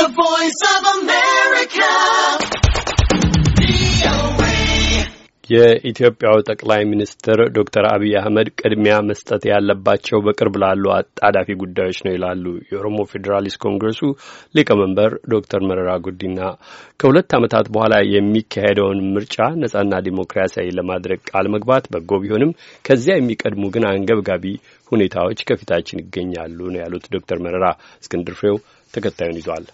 The Voice of America. የኢትዮጵያው ጠቅላይ ሚኒስትር ዶክተር አብይ አህመድ ቅድሚያ መስጠት ያለባቸው በቅርብ ላሉ አጣዳፊ ጉዳዮች ነው ይላሉ የኦሮሞ ፌዴራሊስት ኮንግረሱ ሊቀመንበር ዶክተር መረራ ጉዲና። ከሁለት ዓመታት በኋላ የሚካሄደውን ምርጫ ነጻና ዲሞክራሲያዊ ለማድረግ ቃል መግባት በጎ ቢሆንም ከዚያ የሚቀድሙ ግን አንገብጋቢ ሁኔታዎች ከፊታችን ይገኛሉ ነው ያሉት ዶክተር መረራ። እስክንድር ፍሬው ተከታዩን ይዟል።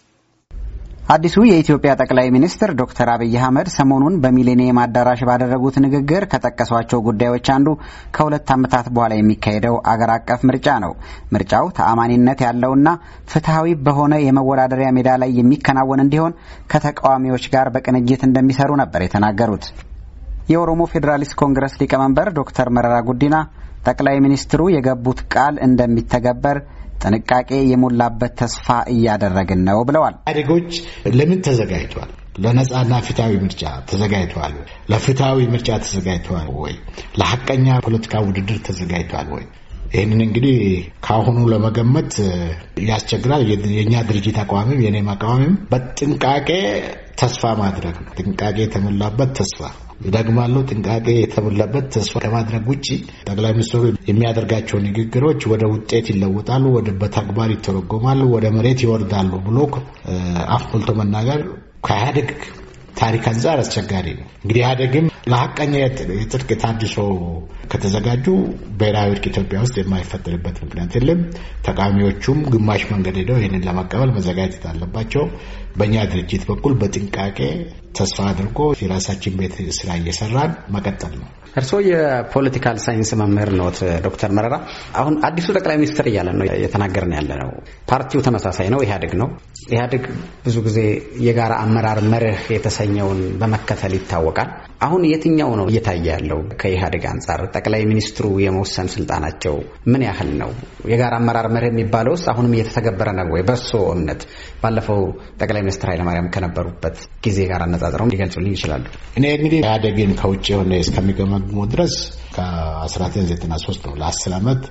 አዲሱ የኢትዮጵያ ጠቅላይ ሚኒስትር ዶክተር አብይ አህመድ ሰሞኑን በሚሌኒየም አዳራሽ ባደረጉት ንግግር ከጠቀሷቸው ጉዳዮች አንዱ ከሁለት ዓመታት በኋላ የሚካሄደው አገር አቀፍ ምርጫ ነው። ምርጫው ተአማኒነት ያለውና ፍትሐዊ በሆነ የመወዳደሪያ ሜዳ ላይ የሚከናወን እንዲሆን ከተቃዋሚዎች ጋር በቅንጅት እንደሚሰሩ ነበር የተናገሩት። የኦሮሞ ፌዴራሊስት ኮንግረስ ሊቀመንበር ዶክተር መረራ ጉዲና ጠቅላይ ሚኒስትሩ የገቡት ቃል እንደሚተገበር ጥንቃቄ የሞላበት ተስፋ እያደረግን ነው ብለዋል። ኢህአዴጎች ለምን ተዘጋጅቷል? ለነጻና ፍትሐዊ ምርጫ ተዘጋጅተዋል ወይ? ለፍትሐዊ ምርጫ ተዘጋጅተዋል ወይ? ለሐቀኛ ፖለቲካ ውድድር ተዘጋጅተዋል ወይ? ይህንን እንግዲህ ከአሁኑ ለመገመት ያስቸግራል። የእኛ ድርጅት አቋምም የኔም አቋምም በጥንቃቄ ተስፋ ማድረግ ነው። ጥንቃቄ የተሞላበት ተስፋ ደግማለሁ። ጥንቃቄ የተሞላበት ተስፋ ከማድረግ ውጭ ጠቅላይ ሚኒስትሩ የሚያደርጋቸው ንግግሮች ወደ ውጤት ይለወጣሉ፣ ወደ በተግባር ይተረጎማሉ፣ ወደ መሬት ይወርዳሉ ብሎ አፍ ሞልቶ መናገር ከኢህአዴግ ታሪክ አንጻር አስቸጋሪ ነው። እንግዲህ ኢህአዴግም ለሀቀኛ የጽድቅ ታድሶ ከተዘጋጁ ብሔራዊ እርቅ ኢትዮጵያ ውስጥ የማይፈጠርበት ምክንያት የለም። ተቃዋሚዎቹም ግማሽ መንገድ ሄደው ይህንን ለመቀበል መዘጋጀት አለባቸው። በእኛ ድርጅት በኩል በጥንቃቄ ተስፋ አድርጎ የራሳችን ቤት ስራ እየሰራን መቀጠል ነው። እርስዎ የፖለቲካል ሳይንስ መምህር ኖት ዶክተር መረራ። አሁን አዲሱ ጠቅላይ ሚኒስትር እያለን ነው እየተናገርን ያለ ነው። ፓርቲው ተመሳሳይ ነው፣ ኢህአዴግ ነው። ኢህአዴግ ብዙ ጊዜ የጋራ አመራር መርህ የተሰኘውን በመከተል ይታወቃል። አሁን የትኛው ነው እየታየ ያለው ከኢህአዴግ አንጻር? ጠቅላይ ሚኒስትሩ የመወሰን ስልጣናቸው ምን ያህል ነው? የጋራ አመራር መርህ የሚባለው ውስጥ አሁንም እየተተገበረ ነው ወይ? በእርስዎ እምነት ባለፈው ጠቅላይ ሚኒስትር ኃይለማርያም ከነበሩበት ጊዜ ጋር አነጻጽረው ሊገልጹልኝ ይችላሉ? እኔ እንግዲህ ኢህአዴግን ከውጭ የሆነ እስከሚገመግሙ ድረስ ከ1993 ነው ለ10 ዓመት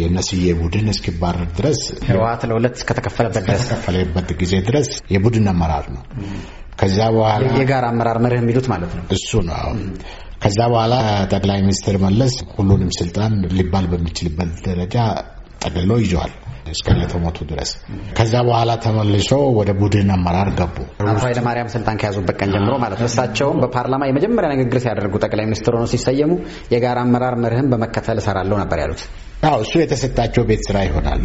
የነስዬ ቡድን እስኪባረር ድረስ ህወሓት ለሁለት እስከተከፈለበት ድረስ ከተከፈለበት ጊዜ ድረስ የቡድን አመራር ነው። ከዛ በኋላ የጋራ አመራር መርህ የሚሉት ማለት ነው። እሱ ነው። ከዛ በኋላ ጠቅላይ ሚኒስትር መለስ ሁሉንም ስልጣን ሊባል በሚችልበት ደረጃ ጠቅልሎ ይዘዋል። እስከለተሞቱ ድረስ። ከዛ በኋላ ተመልሶ ወደ ቡድን አመራር ገቡ። አቶ ኃይለማርያም ስልጣን ከያዙበት ቀን ጀምሮ ማለት ነው። እሳቸውም በፓርላማ የመጀመሪያ ንግግር ሲያደርጉ ጠቅላይ ሚኒስትር ሆነው ሲሰየሙ የጋራ አመራር መርህን በመከተል እሰራለሁ ነበር ያሉት። አዎ እሱ የተሰጣቸው ቤት ስራ ይሆናል።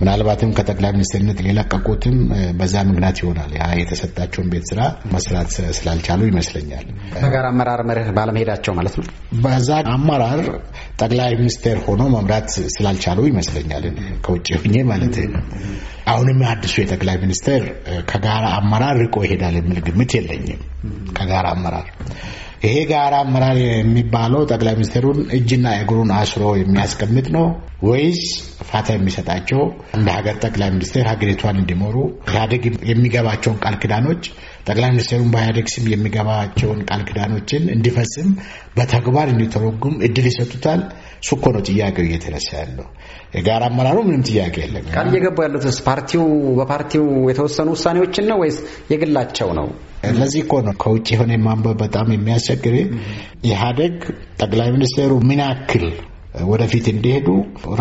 ምናልባትም ከጠቅላይ ሚኒስትርነት ሊለቀቁትም በዛ ምክንያት ይሆናል። ያ የተሰጣቸውን ቤት ስራ መስራት ስላልቻሉ ይመስለኛል። በጋራ አመራር መርህ ባለመሄዳቸው ማለት ነው። በዛ አመራር ጠቅላይ ሚኒስቴር ሆኖ መምራት ስላልቻሉ ይመስለኛል። ከውጭ ሁኜ ማለት ነው። አሁንም አዲሱ የጠቅላይ ሚኒስቴር ከጋራ አመራር ርቆ ይሄዳል የሚል ግምት የለኝም። ከጋራ አመራር ይሄ ጋራ አመራር የሚባለው ጠቅላይ ሚኒስትሩን እጅና እግሩን አስሮ የሚያስቀምጥ ነው ወይስ ፋታ የሚሰጣቸው እንደ ሀገር ጠቅላይ ሚኒስትር ሀገሪቷን እንዲመሩ ኢህአዴግ የሚገባቸውን ቃል ኪዳኖች ጠቅላይ ሚኒስትሩን በኢህአዴግ ስም የሚገባቸውን ቃል ኪዳኖችን እንዲፈጽም በተግባር እንዲተረጉም እድል ይሰጡታል? እሱ እኮ ነው ጥያቄው እየተነሳ ያለው። የጋራ አመራሩ ምንም ጥያቄ የለም። ቃል እየገቡ ያሉትስ ፓርቲው በፓርቲው የተወሰኑ ውሳኔዎችን ነው ወይስ የግላቸው ነው? ለዚህ እኮ ነው ከውጭ የሆነ ማንበብ በጣም የሚያስቸግር ኢህአዴግ ጠቅላይ ሚኒስትሩ ምን ያክል ወደፊት እንዲሄዱ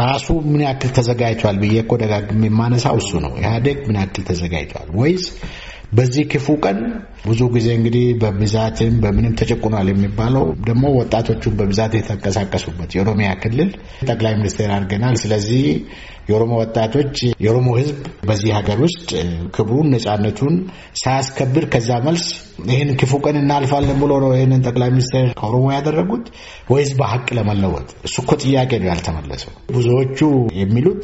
ራሱ ምን ያክል ተዘጋጅቷል ብዬ እኮ ደጋግሜ የማነሳው እሱ ነው። ኢህአዴግ ምን ያክል ተዘጋጅቷል ወይስ በዚህ ክፉ ቀን ብዙ ጊዜ እንግዲህ በብዛትም በምንም ተጨቁኗል የሚባለው ደግሞ ወጣቶቹን በብዛት የተንቀሳቀሱበት የኦሮሚያ ክልል ጠቅላይ ሚኒስትር አድርገናል። ስለዚህ የኦሮሞ ወጣቶች የኦሮሞ ሕዝብ በዚህ ሀገር ውስጥ ክብሩን ነፃነቱን ሳያስከብር ከዛ መልስ ይህን ክፉ ቀን እናልፋለን ብሎ ነው ይህንን ጠቅላይ ሚኒስትር ከኦሮሞ ያደረጉት ወይስ በሀቅ ለመለወጥ? እሱ እኮ ጥያቄ ነው ያልተመለሰው። ብዙዎቹ የሚሉት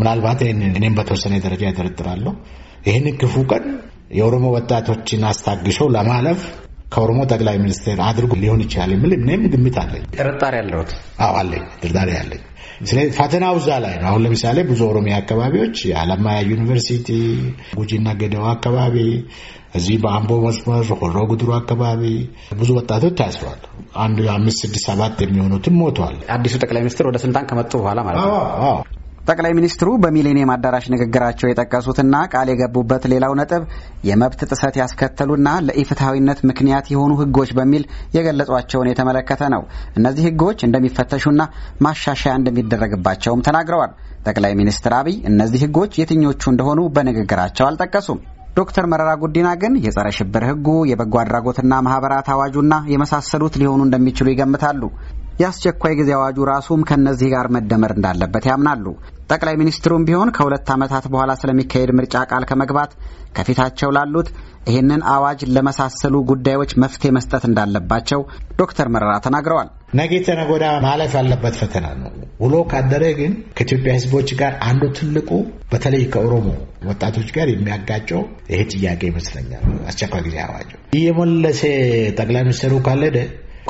ምናልባት እኔም በተወሰነ ደረጃ ያጠረጥራለሁ ይህንን ክፉ ቀን የኦሮሞ ወጣቶችን አስታግሾ ለማለፍ ከኦሮሞ ጠቅላይ ሚኒስቴር አድርጎ ሊሆን ይችላል የሚል እኔም ግምት አለኝ። ጥርጣሬ አለሁት። አዎ አለኝ፣ ጥርጣሬ አለኝ። ስለዚህ ፈተናው እዛ ላይ ነው። አሁን ለምሳሌ ብዙ ኦሮሚያ አካባቢዎች የአለማያ ዩኒቨርሲቲ፣ ጉጂና ገደዋ አካባቢ፣ እዚህ በአምቦ መስመር ሆሮ ጉድሩ አካባቢ ብዙ ወጣቶች ታስሯል። አንዱ አምስት ስድስት ሰባት የሚሆኑትም ሞተዋል። አዲሱ ጠቅላይ ሚኒስትር ወደ ስልጣን ከመጡ በኋላ ማለት ነው። ጠቅላይ ሚኒስትሩ በሚሌኒየም አዳራሽ ንግግራቸው የጠቀሱትና ቃል የገቡበት ሌላው ነጥብ የመብት ጥሰት ያስከተሉና ለኢፍትሐዊነት ምክንያት የሆኑ ህጎች በሚል የገለጿቸውን የተመለከተ ነው። እነዚህ ህጎች እንደሚፈተሹና ማሻሻያ እንደሚደረግባቸውም ተናግረዋል። ጠቅላይ ሚኒስትር አብይ እነዚህ ህጎች የትኞቹ እንደሆኑ በንግግራቸው አልጠቀሱም። ዶክተር መረራ ጉዲና ግን የጸረ ሽብር ህጉ የበጎ አድራጎትና ማህበራት አዋጁና የመሳሰሉት ሊሆኑ እንደሚችሉ ይገምታሉ። የአስቸኳይ ጊዜ አዋጁ ራሱም ከእነዚህ ጋር መደመር እንዳለበት ያምናሉ። ጠቅላይ ሚኒስትሩም ቢሆን ከሁለት ዓመታት በኋላ ስለሚካሄድ ምርጫ ቃል ከመግባት ከፊታቸው ላሉት ይህንን አዋጅ ለመሳሰሉ ጉዳዮች መፍትሄ መስጠት እንዳለባቸው ዶክተር መረራ ተናግረዋል። ነገ ተነገ ወዲያ ማለፍ ያለበት ፈተና ነው። ውሎ ካደረ ግን ከኢትዮጵያ ሕዝቦች ጋር አንዱ ትልቁ በተለይ ከኦሮሞ ወጣቶች ጋር የሚያጋጨው ይሄ ጥያቄ ይመስለኛል። አስቸኳይ ጊዜ አዋጅ እየመለሰ ጠቅላይ ሚኒስትሩ ካልሄደ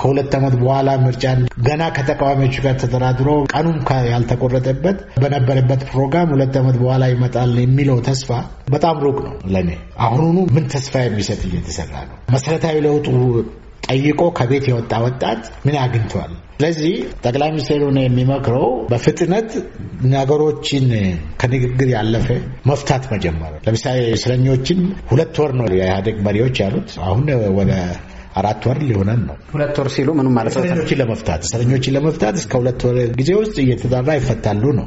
ከሁለት ዓመት በኋላ ምርጫ ገና ከተቃዋሚዎች ጋር ተደራድሮ ቀኑም ያልተቆረጠበት በነበረበት ፕሮግራም ሁለት ዓመት በኋላ ይመጣል የሚለው ተስፋ በጣም ሩቅ ነው ለእኔ። አሁኑኑ ምን ተስፋ የሚሰጥ እየተሰራ ነው? መሰረታዊ ለውጡ ጠይቆ ከቤት የወጣ ወጣት ምን አግኝቷል? ስለዚህ ጠቅላይ ሚኒስትሩ ነው የሚመክረው በፍጥነት ነገሮችን ከንግግር ያለፈ መፍታት መጀመር። ለምሳሌ እስረኞችን ሁለት ወር ነው የኢህአዴግ መሪዎች ያሉት። አሁን ወደ አራት ወር ሊሆነን ነው። ሁለት ወር ሲሉ ምንም ማለት እስረኞችን ለመፍታት እስረኞችን ለመፍታት እስከ ሁለት ወር ጊዜ ውስጥ እየተጣራ ይፈታሉ ነው።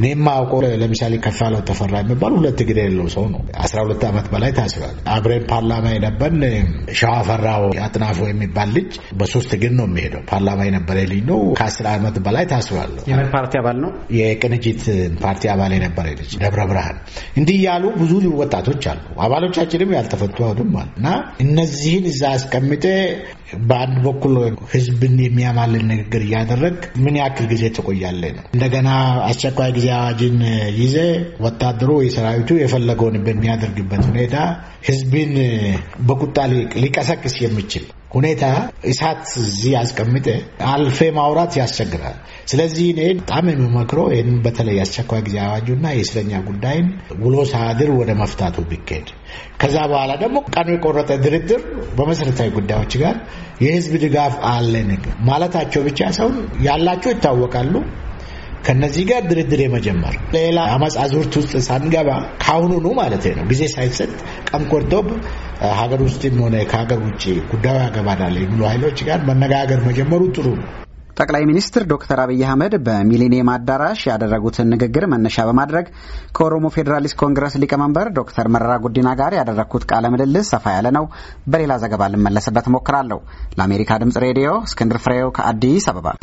እኔም አውቀው ለምሳሌ ከፋለው ተፈራ የሚባል ሁለት እግር የሌለው ሰው ነው። አስራ ሁለት ዓመት በላይ ታስሯል። አብረን ፓርላማ የነበርን ሸዋ ፈራው አጥናፎ የሚባል ልጅ በሶስት እግር ነው የሚሄደው። ፓርላማ የነበረ ልጅ ነው። ከአስር ዓመት በላይ ታስሯል። የምን ፓርቲ አባል ነው? የቅንጅት ፓርቲ አባል የነበረ ልጅ ደብረ ብርሃን። እንዲህ ያሉ ብዙ ወጣቶች አሉ። አባሎቻችንም ያልተፈቱ አሉ እና እነዚህን እዛ አስቀሚ ኮሚቴ በአንድ በኩል ህዝብን የሚያማልን ንግግር እያደረግ ምን ያክል ጊዜ ትቆያለህ ነው። እንደገና አስቸኳይ ጊዜ አዋጅን ይዜ ወታደሩ የሰራዊቱ የፈለገውን በሚያደርግበት ሁኔታ ህዝብን በቁጣ ሊቀሰቅስ የሚችል ሁኔታ እሳት እዚህ ያስቀምጠ አልፌ ማውራት ያስቸግራል። ስለዚህ እኔ በጣም የሚመክረው ይህን በተለይ አስቸኳይ ጊዜ አዋጁና የእስረኛ ጉዳይን ውሎ ሳድር ወደ መፍታቱ ቢካሄድ፣ ከዛ በኋላ ደግሞ ቀኑ የቆረጠ ድርድር በመሰረታዊ ጉዳዮች ጋር የህዝብ ድጋፍ አለን ማለታቸው ብቻ ሰውን ያላቸው ይታወቃሉ ከነዚህ ጋር ድርድር የመጀመር ሌላ አመፅ አዙሪት ውስጥ ሳንገባ ከአሁኑኑ ማለት ነው ጊዜ ሳይሰጥ ቀም ቆርጦ ሀገር ውስጥም ሆነ ከሀገር ውጭ ጉዳዩ ያገባናል የሚሉ ኃይሎች ጋር መነጋገር መጀመሩ ጥሩ ነው። ጠቅላይ ሚኒስትር ዶክተር አብይ አህመድ በሚሊኒየም አዳራሽ ያደረጉትን ንግግር መነሻ በማድረግ ከኦሮሞ ፌዴራሊስት ኮንግረስ ሊቀመንበር ዶክተር መረራ ጉዲና ጋር ያደረግኩት ቃለ ምልልስ ሰፋ ያለ ነው። በሌላ ዘገባ ልመለስበት ሞክራለሁ። ለአሜሪካ ድምጽ ሬዲዮ እስክንድር ፍሬው ከአዲስ አበባ